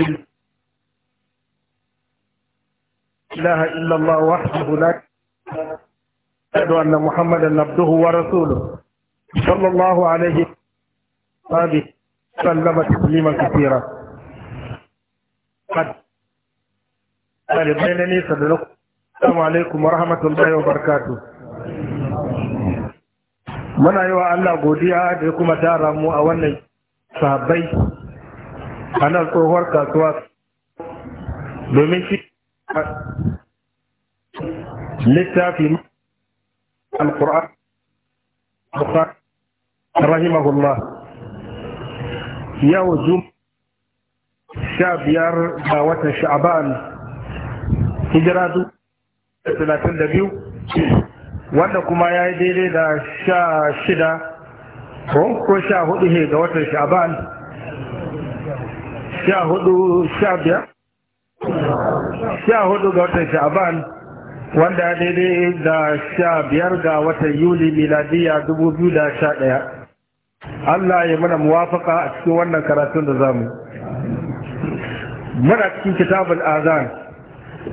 إله إلا الله وحده لا أشهد أن محمدا عبده ورسوله صلى الله عليه وآله سلم تسليما كثيرا قد قال بينني صدركم السلام عليكم ورحمة الله وبركاته muna yi wa Allah godiya da kuma tara mu a wannan sahabbai a nan tsohuwar kasuwa domin shi littafi al-qur'an rahimahullah yau jum sha biyar ga watan sha'aban hijira du talatin da biyu wanda kuma ya yi daidai da sha shida ko sha hudu ga watan sha'aban sha hudu sha ga watan sha'aban wanda ya daidai da sha ga watan yuli miladiya dubu biyu da sha ɗaya allah ya mana muwafaka a cikin wannan karatun da zamu muna cikin kitabul azan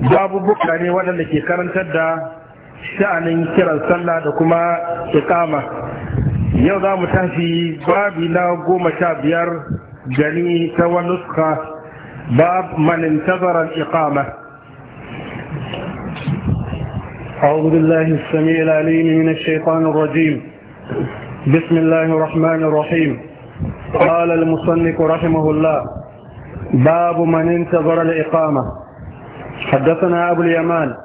babu buka ne waɗanda ke karantar da sha'anin kiran sallah da kuma ikama yau za mu tashi babi na goma sha biyar جني توا نسخة باب من انتظر الإقامة أعوذ بالله السميع العليم من الشيطان الرجيم بسم الله الرحمن الرحيم قال المصنف رحمه الله باب من انتظر الإقامة حدثنا أبو اليمان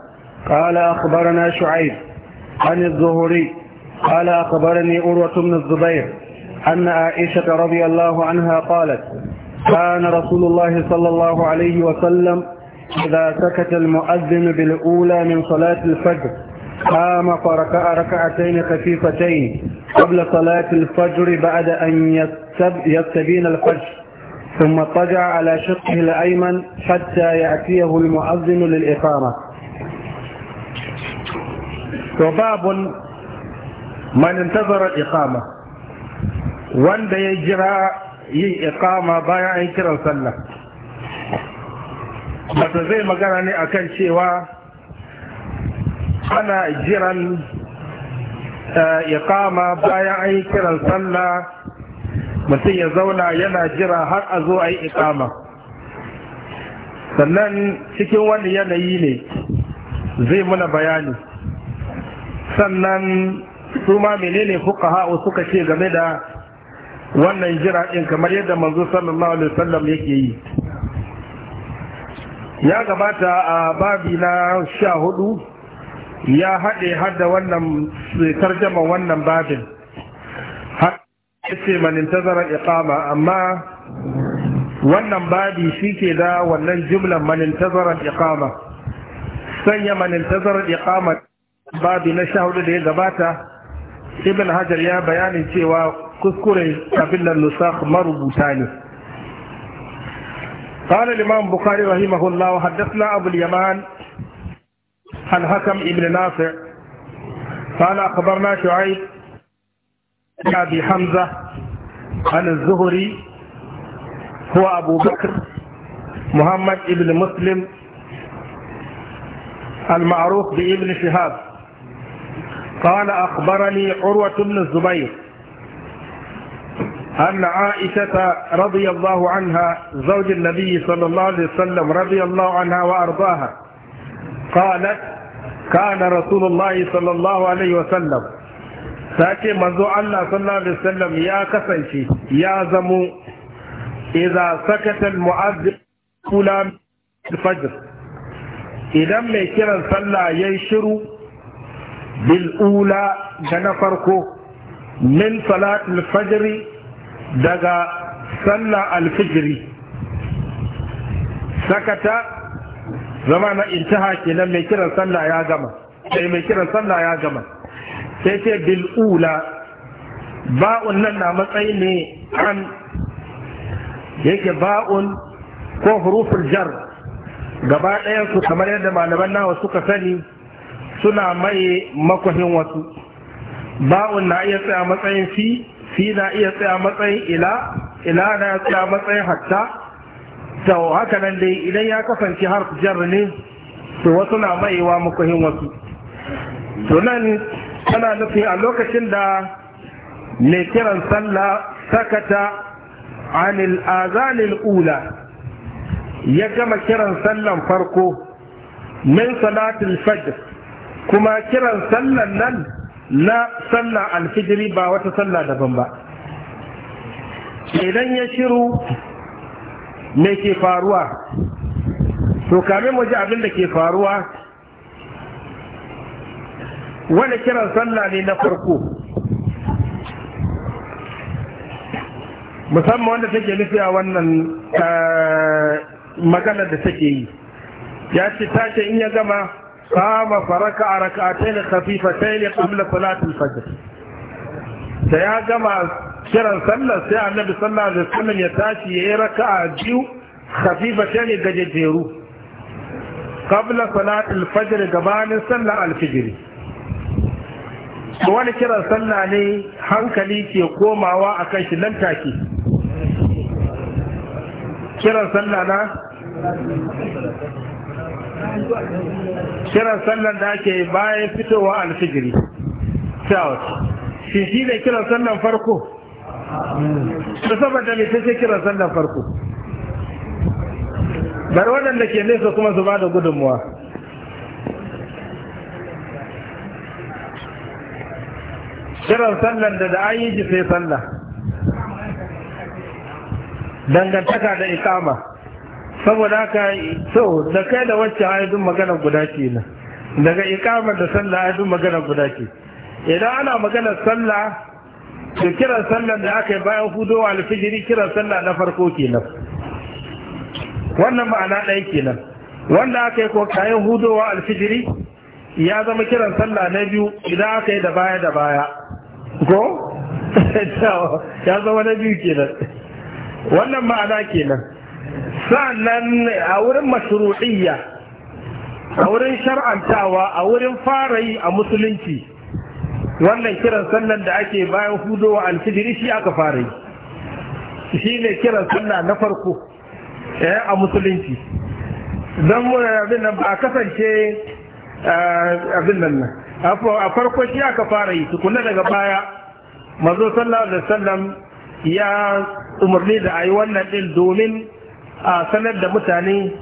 قال أخبرنا شعيب عن الزهري قال أخبرني أروة بن الزبير أن عائشة رضي الله عنها قالت كان رسول الله صلى الله عليه وسلم إذا سكت المؤذن بالأولى من صلاة الفجر قام فركع ركعتين خفيفتين قبل صلاة الفجر بعد أن يستبين الفجر ثم اضطجع على شقه الأيمن حتى يأتيه المؤذن للإقامة وباب من انتظر الإقامة wanda ya jira yin ikama bayan an kiran sallah wata zai magana ne akan cewa ana jiran eh, ikama bayan an kiran sallah mutum ya zauna yana jira har a zo a yi ikama sannan cikin wani yanayi ne zai muna bayani sannan su ma menene fuka suka ce game da wannan jira ɗin kamar yadda manzo sallallahu alaihi wasallam yake yi ya gabata a babi na sha hudu ya haɗe hada wannan tarjama wannan babin har ce manintazara iqama amma wannan babi shi ke da wannan jumlan manintazarar iqama sanya manintazarar iqama babi na sha hudu da ya gabata ibn hajar ya bayanin cewa kuskure abin nan مربو ثاني قال الإمام بخاري رحمه الله وحدثنا أبو اليمان عن حكم ابن نافع قال أخبرنا شعيب بن أبي حمزة عن الزهري هو أبو بكر محمد ابن مسلم المعروف بابن شهاب قال أخبرني عروة بن الزبير أن عائشة رضي الله عنها زوج النبي صلى الله عليه وسلم رضي الله عنها وأرضاها قالت كان رسول الله صلى الله عليه وسلم ساكي منذ الله صلى الله عليه وسلم يا كسنشي يا زمو إذا سكت المؤذن أولى الفجر إذا ما كان صلى ينشر بالأولى جنفركو من صلاة الفجر daga sallar alfijiri sakata zama na intaha kenan mai kiran sallah ya gama sai eh, mai kiran sallah ya gama sai ce bil'ula ba'un nan na matsayi ne an yake ba'un ko huruful jar gaba ɗayan su kamar yadda malaman nawa suka sani suna mai makwahin wasu ba'un na iya tsaya matsayin fi fi na iya tsaya matsayin ila ila na tsaya matsayin hatta to haka nan dai idan ya kasance har jar ne to wasu na maiwa mukuhin wasu to nan tana nufi a lokacin da mai kiran sallah sakata anil azanil ula ya gama kiran sallan farko min salatul fajr kuma kiran sallan nan na sallah alfijiri ba wata sallah daban ba idan ya shiru me ke faruwa to kame mu ji abin da ke faruwa wani kiran sallah ne na farko musamman wanda take nufi a wannan eh, maganar da take yi ya ce ta ce in ya gama قام فركع ركعتين خفيفتين قبل صلاة الفجر سيا جمع kiran sallar sai annabi صلى الله عليه ya tashi yayi raka'a biyu khafifatan قبل صلاة الفجر قبان fajr الفجر wani kiran sallah ne hankali ke komawa akan shi nan take kiran sallah na kiran sallan da ake bayan fitowa alfijiri shout shi shi ne kiran sallan farko da saboda mai ta ce kiran sallan farko bari waɗanda ke nesa kuma su ba da gudunmuwa kiran sallan da da an yi ji sai sallah dangantaka da ikama saboda ka so da kai da wacce ayyudun magana guda ce na daga ikamar da sallah ayyudun magana guda ce idan ana magana sallah to kiran sallah da aka yi bayan hudowa alfijiri kiran sallah na farko kenan wannan ma'ana ɗaya kenan wanda aka yi ko kayan hudowa alfijiri ya zama kiran sallah na biyu idan aka yi da baya da baya ko ya zama na biyu kenan wannan ma'ana kenan sa'annan a wurin mashru'iyya a wurin shar'antawa a wurin fara yi a musulunci wannan kiran sallan da ake bayan hudowa alfijiri shi aka fara yi shi ne kiran sallah na farko eh, a musulunci don muna abin nan ba a kasance eh, abin nan nan a farko shi aka fara yi tukuna daga baya mazo sallallahu alaihi wasallam ya umarni da a yi wannan din domin a sanar da mutane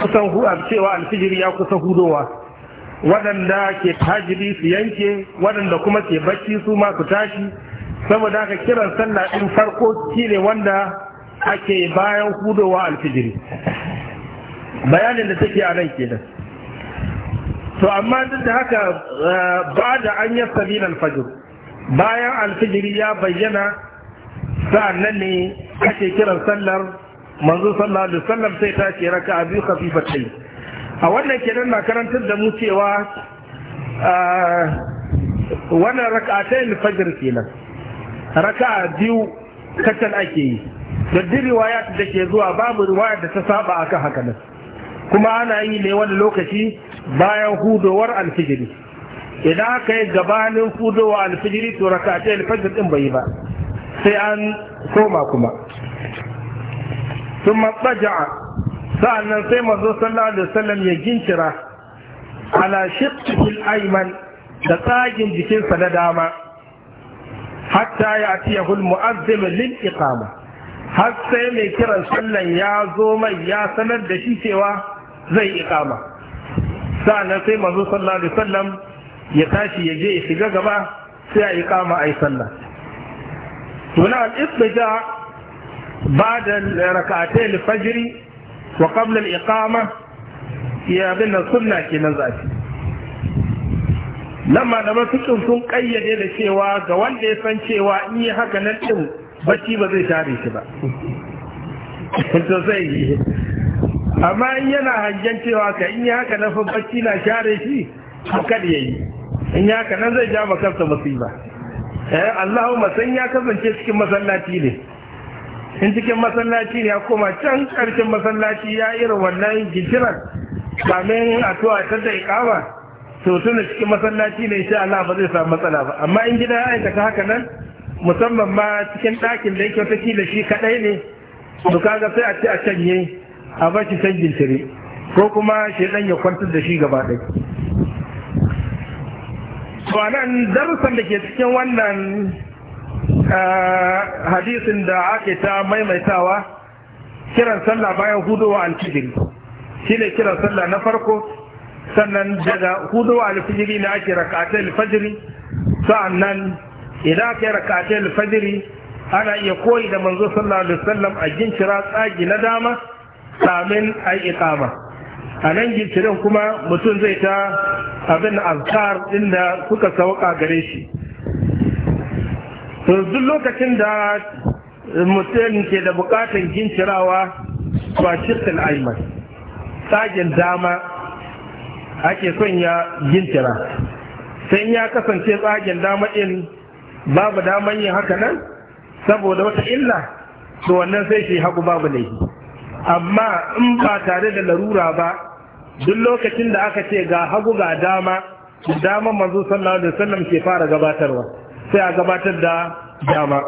kusan hu cewa alfijiri ya kusa hudowa waɗanda ke tajiri su yanke waɗanda kuma ke bacci su ma su tashi saboda haka kiran sallah ɗin farko shine wanda ake bayan hudowa alfijiri bayanin da take a nan kenan to amma duk da haka eh, ba da an yi sabin alfajir bayan alfijiri ya bayyana sa'an nan ne ake kiran sallar manzo sallallahu alaihi wasallam sai ta ce raka a biyu khafifatai a wannan kenan na karantar da mu cewa wannan raka'atayn fajr kenan raka'a biyu kacal ake yi da duk da ke zuwa babu riwaya da ta saba akan haka nan kuma ana yi ne wani lokaci bayan hudowar alfijiri idan aka yi gabanin hudowar alfijiri to raka ta din bai yi ba sai an koma kuma sun matsaja'a sa'annan sai mazo sallallahu alaihi wasallam ya gincira ala shiqil ayman da tsagin jikinsa na dama hatta ya atiyahu al-mu'azzim lil iqama har sai mai kiran sallan ya zo mai ya sanar da shi cewa zai iqama sa'annan sai mazo sallallahu alaihi wasallam ya tashi ya je ya shiga gaba sai a iqama ai sallah to na al-ibtija بعد ركعتي الفجر وقبل الإقامة يا بنا سنة كي نزاتي لما لما فكر سن قيد إلى شيوا قوان دي سن شيوا إني حقا نلتم بشي بزي تاري شبا sosai amma in yana hangen cewa ka in yi haka na bacci na share shi kada ya yi in yi haka nan zai ja makarsa musiba Allahumma san ya kasance cikin masallaci ne in cikin masallaci ya koma can karshen masallaci ya irin wannan gishirar kamin a tuwa ta da ikama to tuna cikin masallaci ne insha Allah ba zai samu matsala ba amma in gida ya aikata haka nan musamman ma cikin ɗakin da yake wata da shi kaɗai ne to kaga sai a ci a canye a bar shi can gishiri ko kuma shedan ya kwantar da shi gaba ɗaya to anan darussan da ke cikin wannan hadisin da ake ta maimaitawa kiran sallah bayan hudowa alfijiri ne kiran sallah na farko sannan daga hudowa alfijiri na ake rakatai alfajiri sa'annan idan ake rakatai alfajiri ana iya koyi da manzo sallallahu alaihi wasallam a gincira tsagi na dama kamin a yi ikama a nan kuma mutum zai ta abin azkar inda suka sauka gare shi to lokacin da mutum ke da bukatan gincirawa ba shirkul aiman tsagen dama ake son ya gincira sai ya kasance tsagen dama in babu daman yin haka nan saboda wata illa to wannan sai shi hagu babu laifi amma in ba tare da larura ba duk lokacin da aka ce ga hagu ga dama dama manzo sallallahu alaihi wasallam ke fara gabatarwa sai a gabatar da dama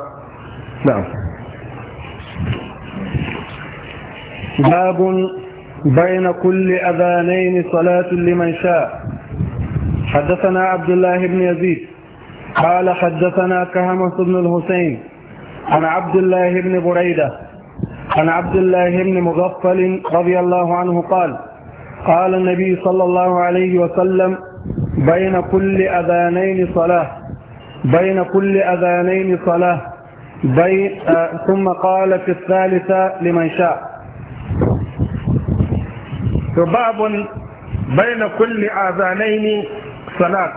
na'am باب بين كل أذانين صلاة لمن شاء حدثنا عبد الله بن يزيد قال حدثنا كهمس بن الحسين عن عبد الله بن بريدة عن عبد الله بن مغفل رضي الله عنه قال قال النبي صلى الله عليه وسلم بين كل أذانين صلاة بين كل أذانين صلاة بين آه ثم قال في الثالثة لمن شاء باب بين كل أذانين صلاة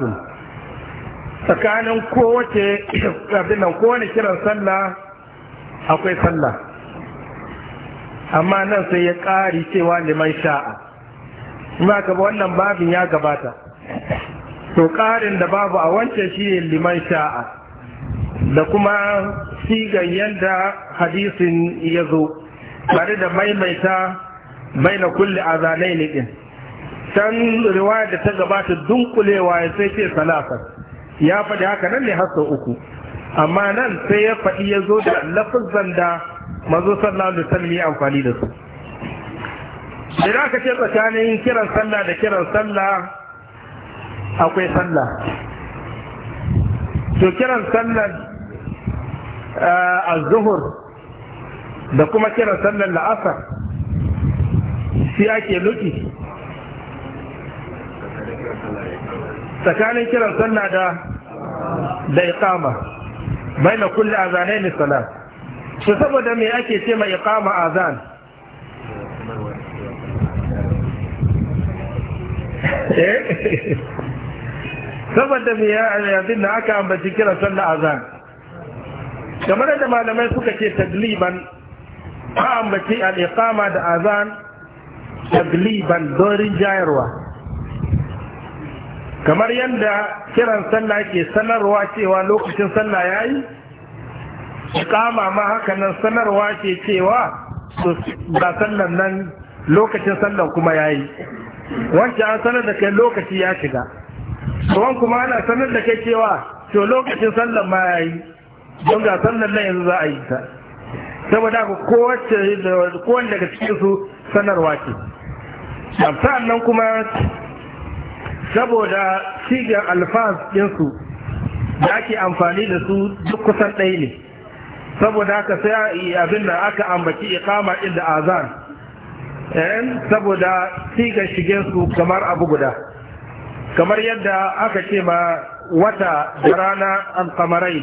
tsakanin kowace abinan kowane kiran sallah akwai sallah amma nan sai ya ƙari cewa liman sha'a ba ka wannan babin ya gabata to ƙarin da babu a wancan shi ne liman sha'a da kuma sigan yadda hadisin ya zo tare da maimaita na kulle a ne ɗin can riwaya da ta gabata dunkulewa ya sai ce salafar ya faɗi haka nan ne har uku amma nan sai ya faɗi ya zo da lafizan da mazo sallallahu alaihi wasallam ya amfani da su idan aka ce tsakanin kiran sallah da kiran sallah akwai sallah to kiran sallar eh, az-zuhur da kuma kiran sallar la'asar shi ake luki tsakanin kiran sallah da da iqama a kulli azanaini salat to saboda me ake ce mai iqama azan eh saboda me ya yanzu da aka ambaci kira sallah azan kamar da malamai suka ce tagliban ba ambaci al'ikama da azan tagliban dorin jayarwa kamar yadda kiran sallah ke sanarwa cewa lokacin sallah yi, iqama ma hakanan sanarwa ke cewa ba sannan nan lokacin sallah kuma ya yi, wancan sanar da kai lokaci ya shiga tsohon kuma ana sanar da kai cewa to lokacin sallar ma ya yi don ga sallar nan yanzu za a yi ta saboda ku kowace daga cikin su sanarwa ce sa'an nan kuma saboda sigar alfaz ɗinsu da ake amfani da su duk kusan ɗaya ne saboda haka sai abin da aka ambaci ikama inda da azan saboda sigar shigensu kamar abu guda kamar yadda aka ce ma wata da rana an kamarai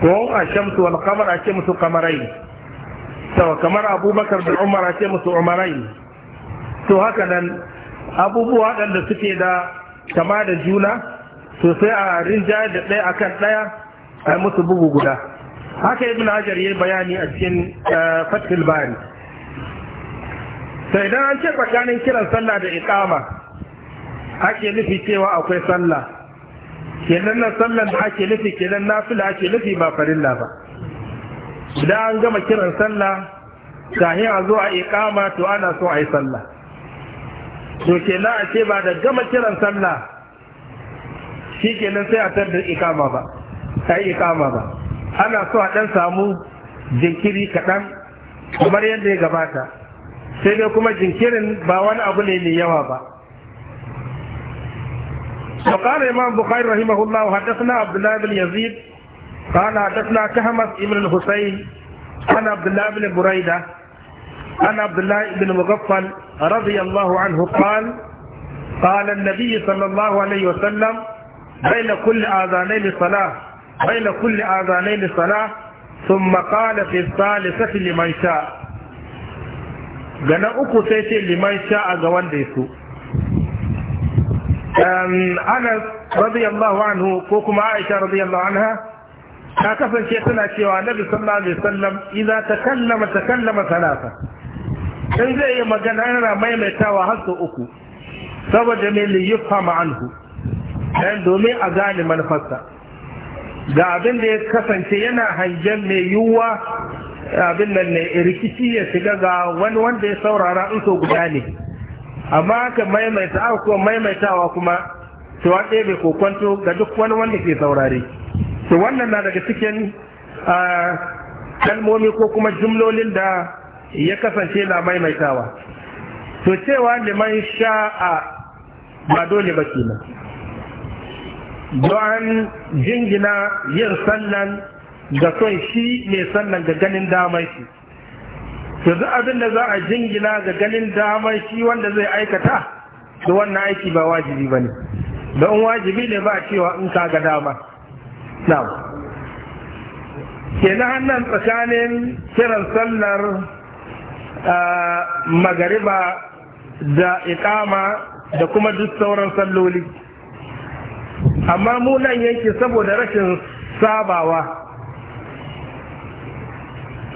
ko a shamsu wal kamar a ce musu kamarai to kamar abubakar da umar a ce musu umarai to haka nan abubuwa waɗanda suke da kama da juna sosai a rinja da ɗaya a kan ɗaya a musu bugu guda haka ibn hajar yayi bayani a cikin eh, fathul bari sai idan an ce tsakanin kiran sallah da iqama ake nufi cewa akwai sallah kenan na sallan da ake nufi kenan nafila ake nufi ba farilla ba idan an gama kiran sallah kahin a zo a iqama to ana so a yi sallah to kenan a ce ba da gama kiran sallah shi kenan sai a tar da iqama ba a yi iqama ba ana so a dan samu jinkiri kaɗan kamar yadda ya gabata sai dai kuma jinkirin ba wani abu ne mai yawa ba وقال الإمام البخاري رحمه الله حدثنا عبد الله بن يزيد قال حدثنا كهمس بن الحسين عن عبد الله بن بريدة عن عبد الله بن مغفل رضي الله عنه قال قال النبي صلى الله عليه وسلم بين كل آذانين صلاة بين كل آذانين صلاة ثم قال في الثالثة لمن شاء gana uku sai ce liman sha'a ga wanda ya so anas radiyallahu anhu ko kuma aisha radiyallahu anha ta kasance tana cewa nabi sallallahu alaihi wasallam idza takallama takallama talata dan zai yi magana yana maimaitawa har sau uku saboda mai liyufama anhu dan domin a gane manufarsa ga abin da ya kasance yana hangen mai yiwuwa abin nan ne rikici ya shiga ga wani wanda ya saurara in so guda ne amma aka maimaita aka kuma maimaitawa kuma to an ɗebe kokonto ga duk wani wanda ke saurare to wannan na daga cikin kalmomi ko kuma jumlolin da ya kasance na maimaitawa to cewa liman sha'a ba dole ba kenan don jingina yin sannan ga son shi mai sannan ga ganin damar shi yanzu abin da za a jingina ga ganin damar shi wanda zai aikata da wannan aiki ba wajibi ba ne don wajibi ne ba cewa in ka ga dama na'am ke na hannun tsakanin kiran sallar magariba da ikama da kuma duk sauran salloli amma mu nan yanki saboda rashin sabawa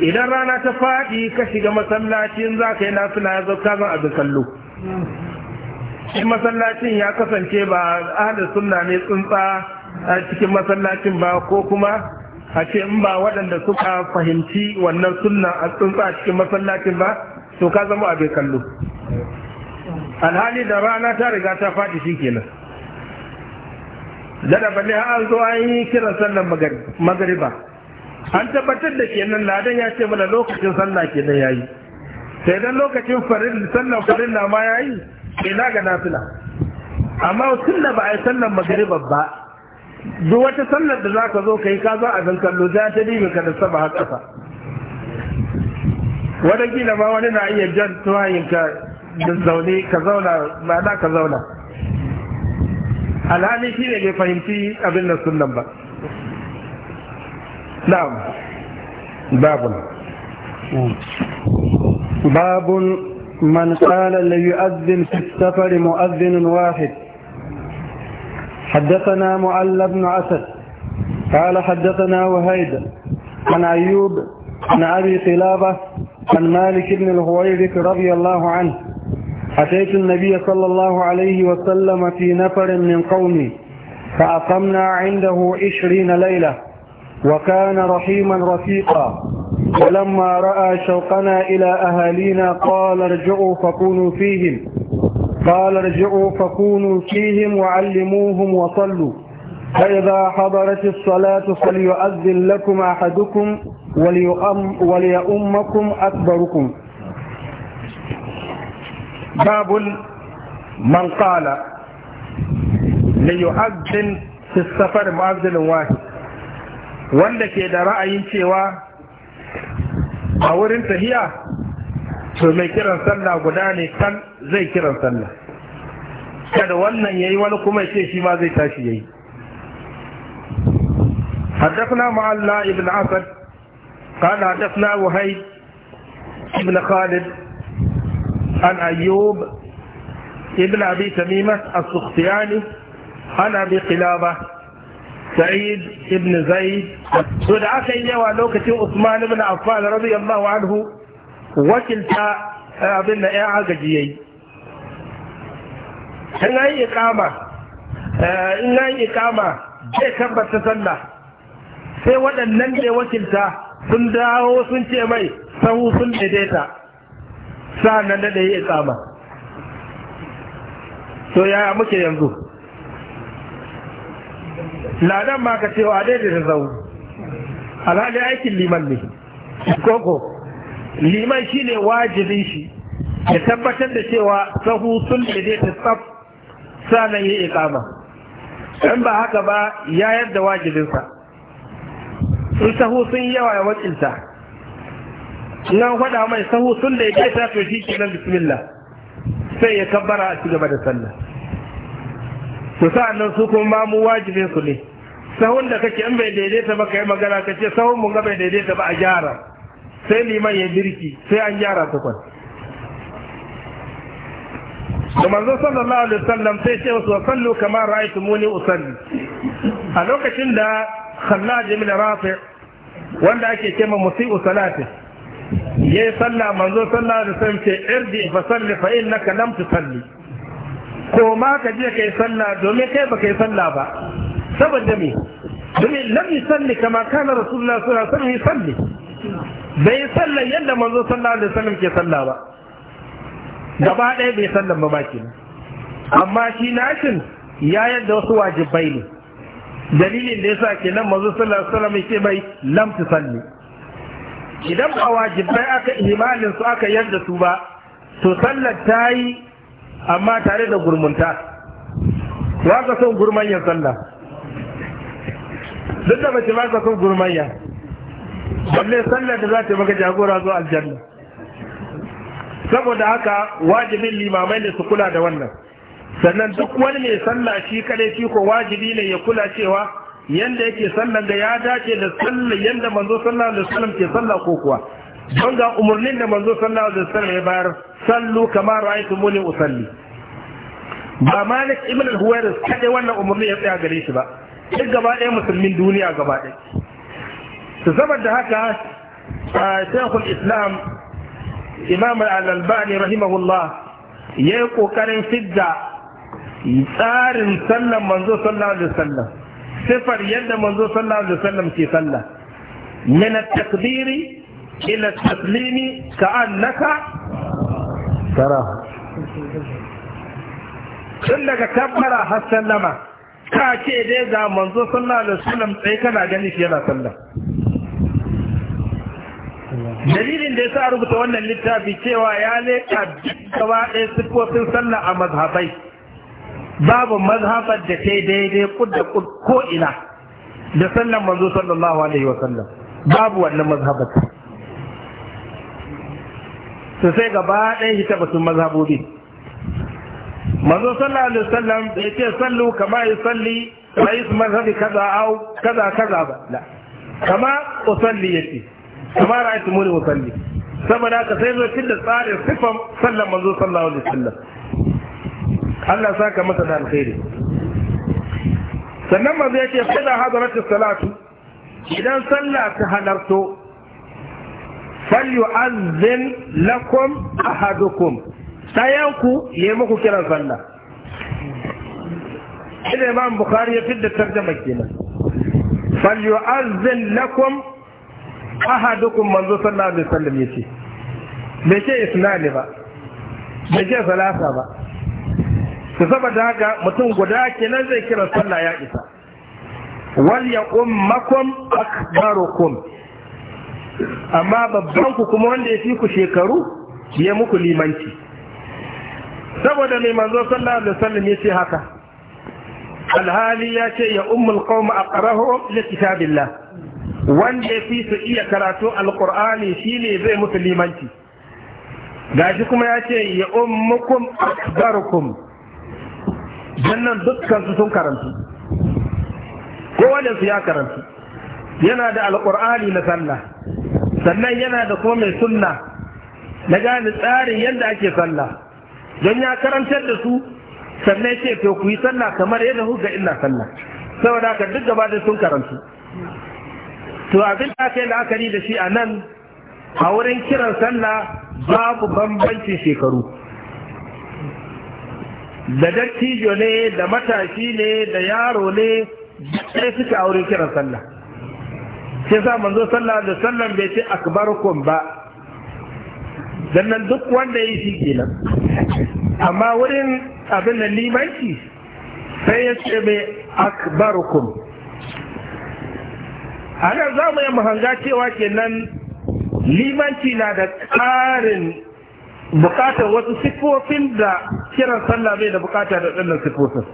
idan rana ta faɗi ka shiga masallacin za ka yi nafila ya zauka zan abin kallo cikin masallacin ya kasance ba ahalar sunna ne tsuntsa a cikin masallacin ba ko kuma a ce in ba waɗanda suka fahimci wannan sunna a tsuntsa a cikin masallacin ba to ka zama abin kallo alhali da rana ta riga ta faɗi shi kenan da da balle an zo an yi kiran sallar magariba an tabbatar da kenan ladan ya ce mana lokacin sallah kenan yayi sai dan lokacin farin farin na ma yayi ina ga nafila amma sunna ba a yi sallan magriba ba duk wata sallar da zaka zo kai ka zo abin kallo za ta dibi ka da saba har kasa wani gina ma wani na iya jan tuwayin ka da zaune ka zauna ma'ana ka zauna alhali shi ne bai fahimci abin nan sunan ba نعم باب باب من قال ليؤذن في السفر مؤذن واحد حدثنا معل بن اسد قال حدثنا وهيدا عن ايوب عن ابي قلابه عن مالك بن الهويرك رضي الله عنه اتيت النبي صلى الله عليه وسلم في نفر من قومي فاقمنا عنده عشرين ليله وكان رحيما رفيقا ولما رأى شوقنا إلى أهالينا قال ارجعوا فكونوا فيهم قال ارجعوا فكونوا فيهم وعلموهم وصلوا فإذا حضرت الصلاة فليؤذن لكم أحدكم وليؤم وليؤمكم أكبركم باب من قال ليؤذن في السفر مؤذن واحد wanda ke da ra'ayin cewa a wurin tahiya to mai kiran sallah guda ne kan zai kiran sallah kada wannan yayi wani kuma ce shi ma zai tashi yayi حدثنا معلى ابن عسد قال حدثنا وهيب ابن خالد عن أيوب ابن أبي تميمة السختياني عن أبي قلابة sa'id ibn zaid to da aka yi yawa lokacin usman ibn affan radiyallahu anhu wakilta abin da ya agaji yayi yi in an yi ikama zai tabbata sallah sai waɗannan da wakilta sun dawo sun ce mai sahu sun daidaita sa nan da ya yi ikama to yaya muke yanzu ladan ma ka cewa daidai da zau alhali aikin liman ne koko liman shi ne wajibin shi ya tabbatar da cewa sahu sun daidaita tsaf sanan yi ikama in ba haka ba ya yadda wajibinsa in sahu sun yawa ya wakilta nan faɗa mai sahu sun daidaita to shi nan bismillah sai ya kabbara a ci gaba da sallah to sa'an nan su kuma mu wajibin su ne sahun da kake in bai daidaita ba ka yi magana ka ce sahun mun ga bai daidaita ba a gyara sai liman ya birki sai an gyara tukun da manzo sallallahu alaihi wasallam sai ce wasu sallu kamar ra'aytu muni usalli a lokacin da khallaj ibn rafi wanda ake ce ma musi'u salati yi sallah manzo sallallahu alaihi wasallam ce irdi fa salli fa innaka lam tusalli ko ma ka je kai sallah domin kai ba yi sallah ba saboda me domin lam yusalli kama kana rasulullah sallallahu alaihi wasallam yusalli bai salla yadda manzo sallallahu alaihi wasallam ke salla ba gaba ɗaya bai sallan ba baki amma shi nashin ya yadda wasu wajibai ne dalilin da yasa nan manzo sallallahu alaihi wasallam yake bai lam salli. idan ba wajibai aka ihmalin su aka yadda su ba to sallar ta yi amma tare da gurmunta wa ka son gurman ya sallah duk da mace ba ta son gurmayya balle sallar da za ta maka jagora zuwa aljanna saboda haka wajibin limamai ne su kula da wannan sannan duk wani mai sallah shi kadai shi ko wajibi ne ya kula cewa yanda yake sallan ga ya dace da sallar yanda manzo sallallahu alaihi wasallam ke sallah ko kuwa don ga umarnin da manzo sallallahu alaihi wasallam ya bayar sallu kama ra'aytumuni usalli ba malik ibn al-huwairis kadai wannan umurni ya tsaya gare shi ba duk gaba ɗaya musulmin duniya gaba ɗaya su saboda haka a shekul islam imam al-albani rahimahullah ya yi ƙoƙarin fidda tsarin sallan manzo sallallahu alaihi wasallam sifar yadda manzo sallallahu alaihi wasallam ke sallah min at-takbir ila at-taslimi ka'annaka tara tun daga kabbara har sallama ka ce dai ga manzo sallallahu alaihi wasallam sai kana gani shi yana sallah dalilin da ya sa rubuta wannan littafi cewa ya leƙa gaba ɗaya siffofin sallah a mazhabai babu mazhabar da ta daidai kudda ko ina da sallan manzo sallallahu alaihi wa sallam babu wannan mazhabar sai gaba ɗaya hita batun mazhabobi manzo sallallahu alaihi wasallam ya ce sallu kama yusalli wa isman mazhabi kaza au kaza kaza ba la kama usalli yake kama ra'aytu muni usalli saboda ka sai zo da tsarin sifan sallan manzo sallallahu alaihi wasallam Allah saka masa da alkhairi sannan manzo ya ce fa salatu idan sallah ta halarto falyu'azzin lakum ahadukum ɗayan ku ya yi muku kiran sallah ina imam bukhari ya fi da tarjama kenan fal yu'azzin lakum ahadukum manzo sallallahu alaihi wasallam yace bai ce isnani ba bai ce salasa ba to saboda haka mutum guda kenan zai kira sallah ya isa wal yaqummakum akbarukum amma babban ku kuma wanda ya fi ku shekaru ya muku limanci saboda mai manzo sallallahu alaihi wasallam yace haka alhali ya ce ya ummul qauma aqrahu li kitabillah wanda fi su iya karatu alqur'ani shine zai musu limanci gashi kuma ya ce ya ummukum akbarukum jannan dukkan su sun karantu kowane su ya karantu yana da alqur'ani na sallah sannan yana da kuma mai sunna na gane tsarin yadda ake sallah don ya karantar da su sannan ce to ku yi sallah kamar yadda huga illa sallah saboda haka duk gaba da sun karantu to abin da aka yi la'akari da shi a nan a wurin kiran sallah babu bambancin shekaru da dattijo ne da matashi ne da yaro ne sai suka a wurin kiran sallah sai sa manzo sallah da sallan bai ce akbarukum ba dan nan duk wanda ya shi kenan amma wurin abin da limanci sai ya ce mai akbarukum ana za mu yi mahanga cewa kenan limanci na da ƙarin bukatar wasu sifofin da kiran sallah bai da bukata da ɗannan sifofin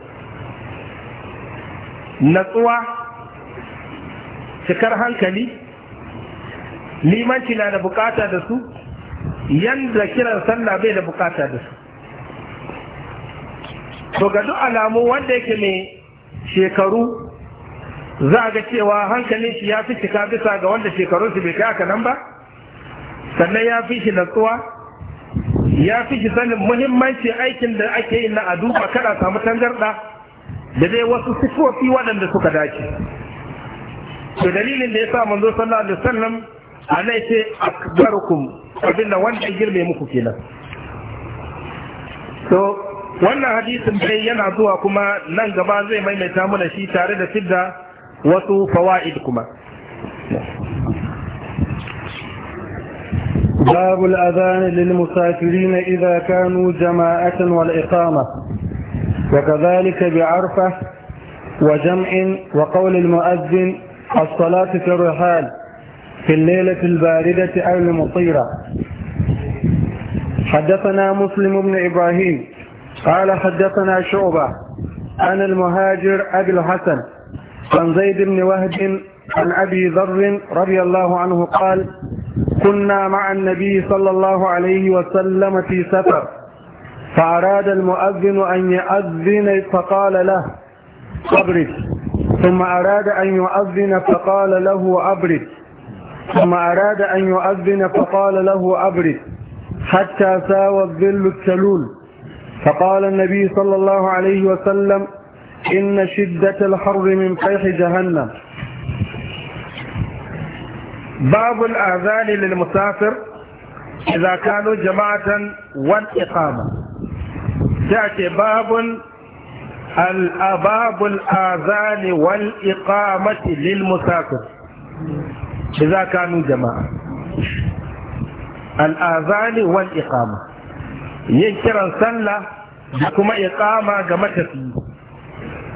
natsuwa cikar hankali limanci na da bukata da su yanda kiran sallah bai da bukata da su to ga duk alamu wanda yake mai shekaru za ga cewa hankalin shi ya fi cika bisa ga wanda shekaru su bai kai haka nan ba sannan ya fi shi natsuwa ya fi shi sanin muhimmanci aikin da ake yi na aduba kada samu tangarda da dai wasu sifofi waɗanda suka dace to dalilin da ya sa manzo sallallahu alaihi wasallam alaihi akbarukum abin da wanda ya girme muku kenan to wannan hadisin dai yana zuwa kuma nan gaba zai maimaita mana shi tare da fidda wasu fawaid kuma باب الأذان للمسافرين إذا كانوا جماعة والإقامة وكذلك بعرفة وجمع وقول المؤذن الصلاة في الرحال في الليلة الباردة أو المطيرة حدثنا مسلم بن إبراهيم قال حدثنا شعبة عن المهاجر أبي الحسن عن زيد بن وهب عن أبي ذر رضي الله عنه قال كنا مع النبي صلى الله عليه وسلم في سفر فأراد المؤذن أن يؤذن فقال له أبرد ثم أراد أن يؤذن فقال له أبرد ثم أراد أن يؤذن فقال له أبرد حتى ساوى الظل التلول فقال النبي صلى الله عليه وسلم إن شدة الحر من فيح جهنم باب الآذان للمسافر إذا كانوا جماعة والإقامة تأتي باب الأباب الآذان والإقامة للمسافر da za kanu jama'a al'azali wal iqama yin kiran sallah da kuma iqama ga matafiya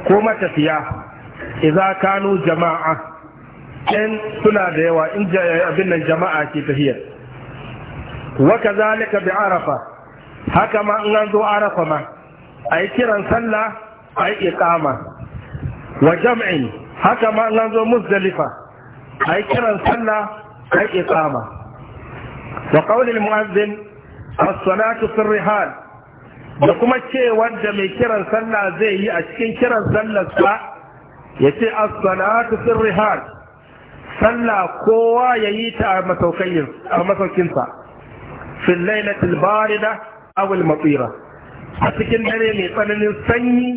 ko matafiya idza kanu jama'a in suna da yawa in abin nan jama'a ke tafiya wa kazalika bi arafa haka ma in an zo arafa ma ayi kiran sallah ayi iqama wa jam'in haka ma in an zo muzdalifa ai kiran sallah ai iqama wa qawl al mu'adhdhin as-salatu rihal da kuma cewar da mai kiran sallah zai yi a cikin kiran sallar sa yace as-salatu fi rihal sallah kowa yayi ta a masaukinsa fil lailati al-barida aw a cikin dare mai tsananin sanyi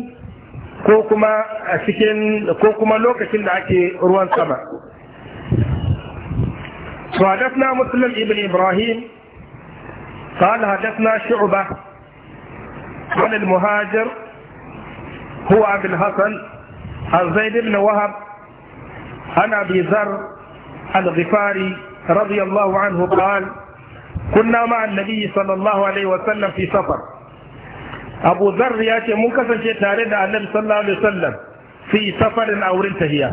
ko kuma lokacin da ake ruwan sama فحدثنا مسلم ابن إبراهيم قال حدثنا شعبة عن المهاجر هو أبي الحسن عن زيد بن وهب عن أبي ذر الغفاري رضي الله عنه قال كنا مع النبي صلى الله عليه وسلم في سفر أبو ذر ياتي منكسر تاريخ النبي صلى الله عليه وسلم في سفر أو رنتهيه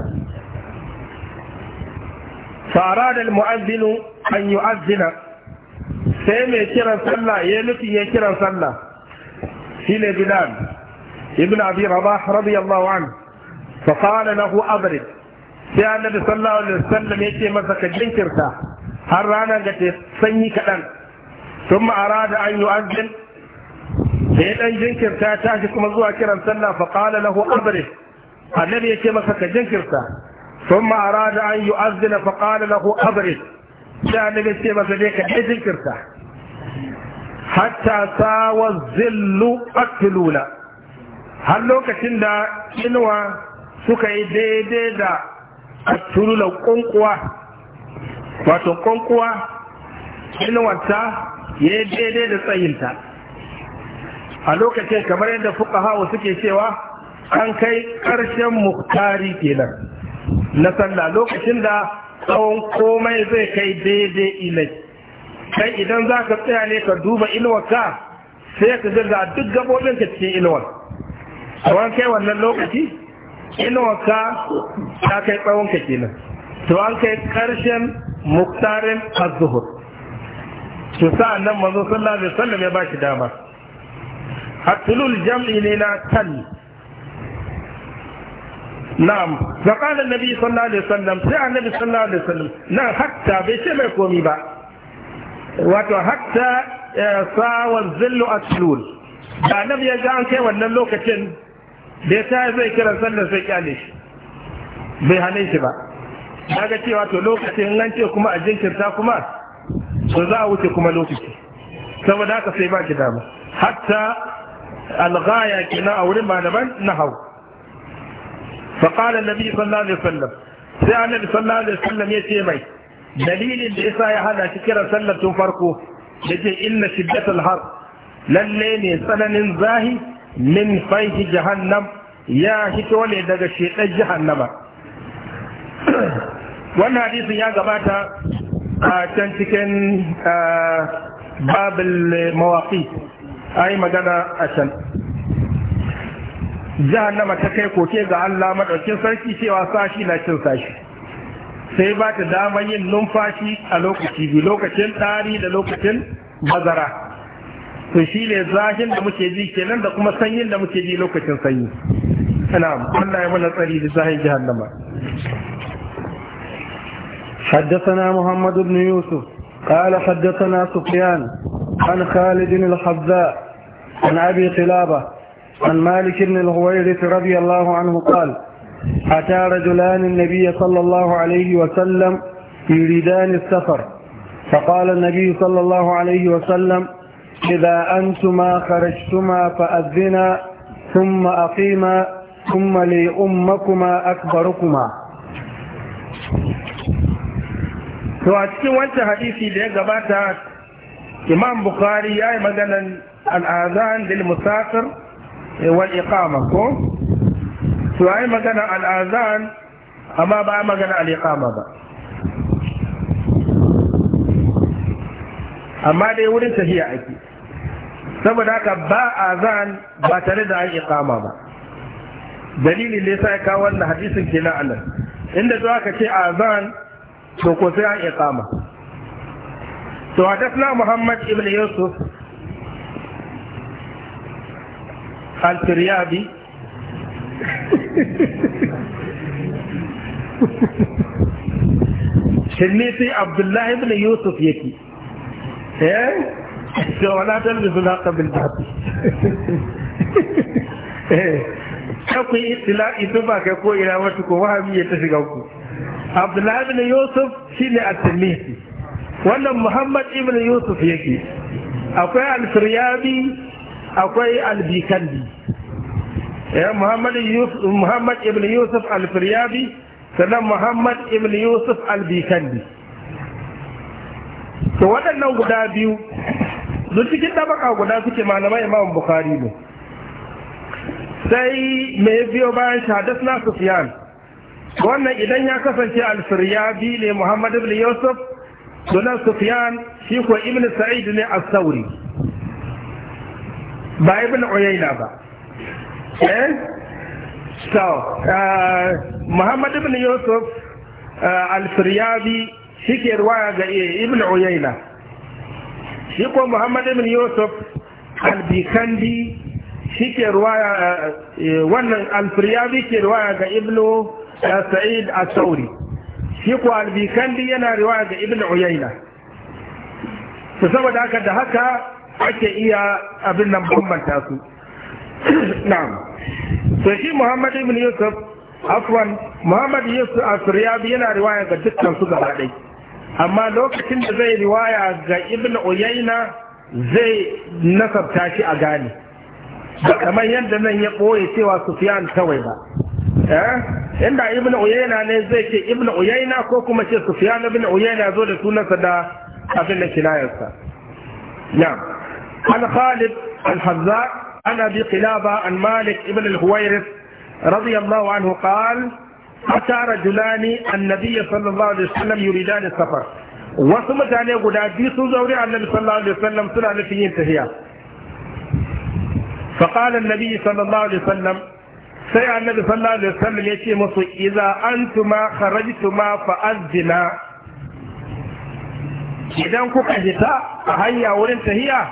فأراد المؤذن أن يؤذن سيمي كرا صلى يلتي يكرا صلى في بلال ابن أبي رباح رضي الله عنه فقال له أبرد سيا النبي صلى الله عليه وسلم يكي مسك جنكرتا هرانا قتي سني كدن ثم أراد أن يؤذن سيدا جنكرتا تاشكم الزوا كرا صلى فقال له أبرد النبي يكي مسك جنكرتا ثم أراد أن يؤذن فقال له أبرد كان نبي ماذا ليك حيث كرتا حتى ساوى الظل أكلونا هل لو كتن دا إنوا سكي دي دي دا أكلونا كنقوا واتو قنقوة إنوا تا يدي دي دا سينتا a lokacin kamar yadda fuka hawa suke cewa an kai ƙarshen muktari na sallah lokacin da tsawon komai zai kai daidai ilai kai idan za ka tsaya ne ka duba inuwarka sai ka zirga duk gabobin ka cikin inuwar tsawon kai wannan lokaci ka ta kai tsawon ka kenan to an kai karshen muktarin azuhur to sa'an nan mazo sallah alaihi sallah ya ba shi dama hatlul jam'i ne na kan na'am fa qala annabi sallallahu alaihi wasallam sai annabi sallallahu alaihi wasallam nan hatta bai ce mai komi ba wato hatta eh, sawa zillu aslul da annabi ya ga an kai wannan lokacin da ta yi zai kira sallar sai kyale shi bai hane shi ba daga ce wato lokacin nan ce kuma a jinkirta kuma to za a wuce kuma lokaci saboda haka sai ba ki dama hatta alghaya kenan a wurin malaman na hau. فقال النبي صلى الله عليه وسلم sai annabi sallallahu alaihi wasallam ya ce mai dalilin da yasa ya halarci ki kiran sallar tun farko yace inna shiddatul har lalle ne tsananin zahi min faihi jahannam ya hito ne daga shedan jahannama wannan hadisin ya gabata a can cikin babul mawaqi ai magana a can jahannama ta kai koke ga Allah madaukin sarki cewa sashi na cin sashi sai ba ta damar yin numfashi a lokaci biyu lokacin tsari da lokacin bazara to shi ne zahin da muke ji kenan da kuma sanyin da muke ji lokacin sanyi ana Allah ya mana tsari da zahin jahannama حدثنا محمد بن يوسف قال حدثنا سفيان عن خالد الحذاء عن أبي قلابة عن مالك بن الغويرث رضي الله عنه قال أتى رجلان النبي صلى الله عليه وسلم يريدان السفر فقال النبي صلى الله عليه وسلم إذا أنتما خرجتما فأذنا ثم أقيما ثم لأمكما أكبركما وعندما أنت حديثي لأنك بات إمام بخاري يا مدنا الآذان للمسافر Eh, wal iqama ko to ai magana al azan amma ba magana al iqama ba amma dai wurin tafiya ake saboda haka ba azan ba tare da an iqama ba dalilin da sai ya kawo wannan hadisin nan anan inda zuwa ka ce azan to ko sai an iqama to hadathna muhammad ibn yusuf alfiryabi shirnisi abdullahi ibn yusuf yake eh wala eh ba kai ko wata ko ya ta shiga ku abdullahi ibn yusuf shine at wannan muhammad ibn yusuf yake akwai al akwai eh, ya muhammad ibn yusuf alfiryabi sannan muhammad ibn yusuf albikalbi to waɗannan guda biyu duk cikin ɗabaka guda suke malamai imam bukhari ne sai mai biyo bayan shahadas na sufiyan wannan idan ya kasance alfiryabi ne muhammad ibn yusuf sunan sufiyan shi ko ibn sa'id ne a sauri ba ibn uyayna ba eh so uh, muhammad ibn yusuf uh, al-firyabi shike ruwaya ga ibn uyayna shi ko muhammad ibn yusuf al-bikandi shike ruwaya uh, uh, wannan al-firyabi ke ruwaya ga ibn uh, sa'id al-sauri shi ko al-bikandi yana ruwaya ga ibn uyayna to saboda haka da haka ake iya abin nan bambanta su na'am to shi muhammad ibn yusuf afwan muhammad yusuf asriyabi yana riwaya ga dukkan su gaba ɗai amma lokacin da zai riwaya ga ibn uyayna zai nasabta shi a gane ba kamar yadda nan ya ɓoye cewa sufyan kawai ba eh? inda ibn uyayna ne zai ce ibn uyayna ko kuma ce sufyan ibn uyayna zo da sunansa da abin da kinayarsa na'am عن خالد الحذاء عن ابي قلابه عن مالك ابن الهويرث رضي الله عنه قال اتى رجلان النبي صلى الله عليه وسلم يريدان السفر وسم تاني غدا دي سو النبي صلى الله عليه وسلم سنه التي انتهيا فقال النبي صلى الله عليه وسلم سي النبي صلى الله عليه وسلم يتي مصر اذا انتما خرجتما فاذنا اذا كنت هيا ورين تهيا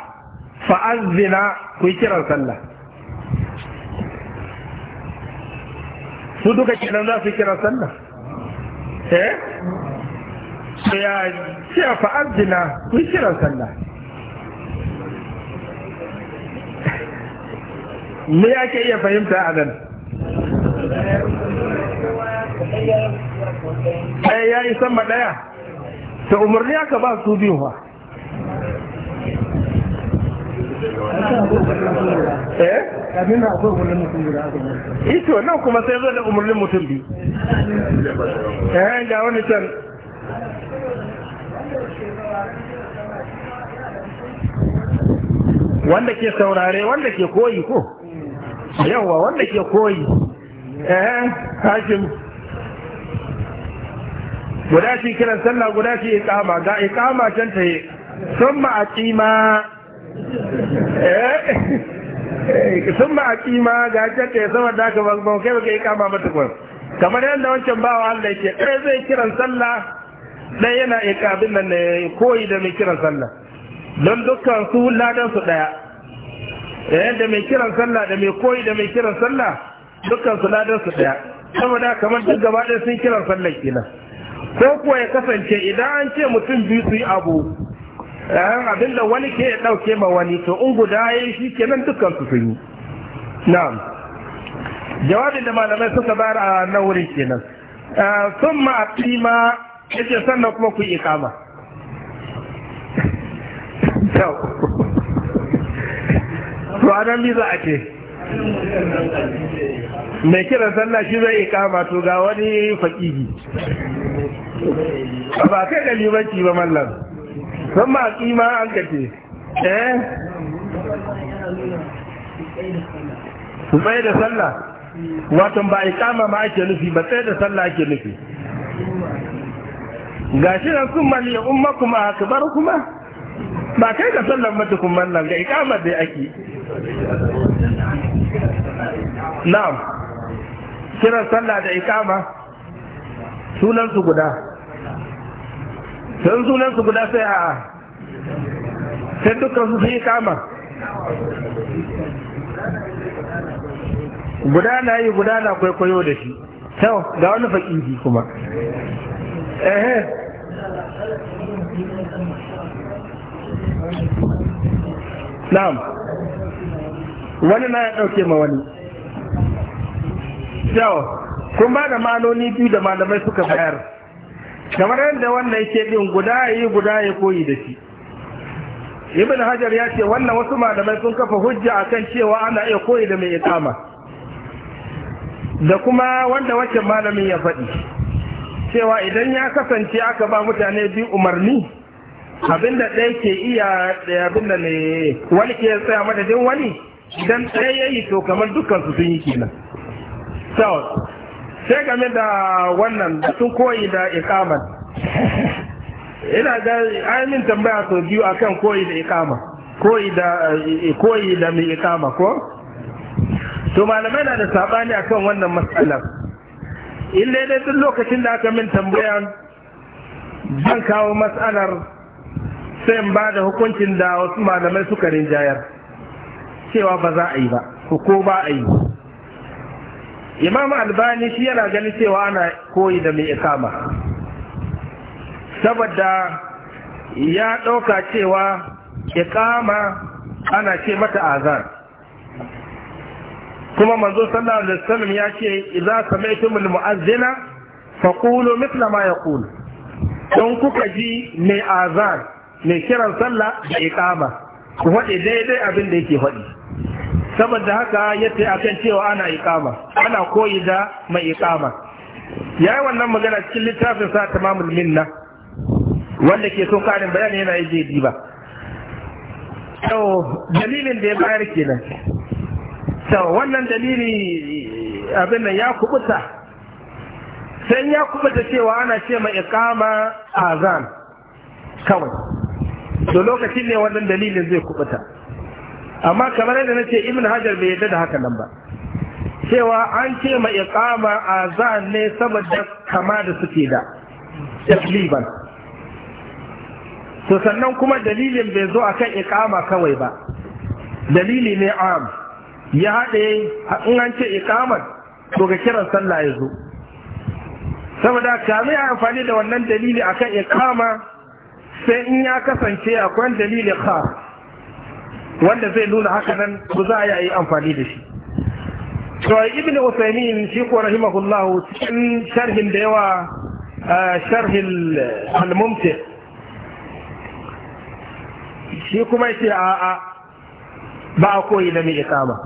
fa'azzina ku yi kiran sallah su duka kiran za su yi kiran sallah eh su ya ce fa'azzina ku yi kiran sallah me ya ke iya fahimta a nan ɗaya eh, ya yi sama ɗaya ta umarni aka ba su biyu ba Eh? ito nan kuma sai zo da umarnin mutum biyu eh, ga wani can wanda ke saurare wanda ke koyi ko yawwa wanda ke koyi eh hakim guda shi kiran sallah guda shi iqama ga iqama can ta yi sun ma aqima Eh, eh, sun ba a kima ga jata ya sama da aka ban kai baka yi kama mata kwan kamar yadda wancan bawa Allah yake ɗaya eh, zai kiran sallah ɗaya yana ikabin nan ne koyi da mai kiran sallah don dukkan su ladan su ɗaya yadda mai kiran sallah da mai koyi da mai kiran sallah dukkan su ladan su ɗaya saboda kamar duk gaba ɗaya sun kiran sallah kenan ko kuwa ya kasance idan an ce mutum biyu su yi abu abin da wani ke ɗauke ma wani to in guda ya yi shi kenan dukkan su sun yi na'am jawabin da malamai suka bayar a nan wurin kenan sun ma a tsima yake sannan kuma ku yi kama to a nan za a ce mai kiran sannan shi zai ikama to ga wani fakiri ba kai da limanci ba mallam don ma kima an kace eh su tsaye da sallah watan ba a ikama ma ake nufi ba tsaye da sallah ake nufi gashi nan sun mali umma kuma akbar kuma ba kai ka sallan mata kuma nan ga ikama dai ake na'am kiran sallah da ikama sunan su guda don sunansu guda sai a sai dukkan su sai kama guda na yi guda na kwaikwayo da shi sau ga wani faƙi kuma ehe na'am wani na ya ɗauke ma wani sau kun ba da maloni biyu da malamai suka bayar kamar yadda wannan yake bin guda yi guda ya koyi da shi ibn hajar ya ce wannan wasu malamai sun kafa hujja a kan cewa ana iya koyi da mai ikama da kuma wanda wacce malamin ya faɗi cewa idan ya kasance aka ba mutane biyu umarni abinda ɗaya ke iya da abinda ne wani ke tsaya madadin wani idan ɗaya ya yi to kamar dukkan su sun yi kenan sai game da wannan da sun koyi da ikaman ina ga ainihin tambaya sau biyu akan koyi da ikama koyi da mai ikama ko to malamai na da sabani akan wannan matsalar in dai duk lokacin da aka min tambaya zan kawo matsalar sai ba da hukuncin da wasu malamai suka rinjayar cewa ba za a yi ba ko ba a yi imam albani shi yana ganin cewa ana koyi da mai ikama saboda ya ɗauka cewa ikama ana ce mata azan kuma manzo sallallahu alaihi wasallam ya ce idza sami'tum almu'azzina faqulu mithla ma yaqul don kuka ji mai azan mai kiran sallah da ikama ku faɗi daidai abin da yake faɗi saboda haka a akan cewa ana ikama, ana koyi da mai ya yi wannan magana cikin littafin sa tamamul minna wanda ke son karin bayani yana yi jeji ba to dalilin da ya bayar kenan to wannan dalili abin ya kubuta sai ya kubuta cewa ana ce mai a azan kawai to lokacin ne wannan dalilin zai kubuta amma kamar yadda nace ibn hajar bai yadda da haka nan ba cewa an ce ma iqama azan ne saboda kama da suke da takliban to sannan kuma dalilin bai zo akan iqama kawai ba dalili ne am ya haɗe in an ce iqama to ga kiran sallah ya zo saboda kame a amfani da wannan dalili akan iqama sai in ya kasance akwai dalili khas wanda zai nuna haka nan ba za a yi amfani da shi to ibn usaimin shi ko rahimahullahu cikin sharhin da yawa sharhin al shi kuma yace a ba a koyi da mai ikama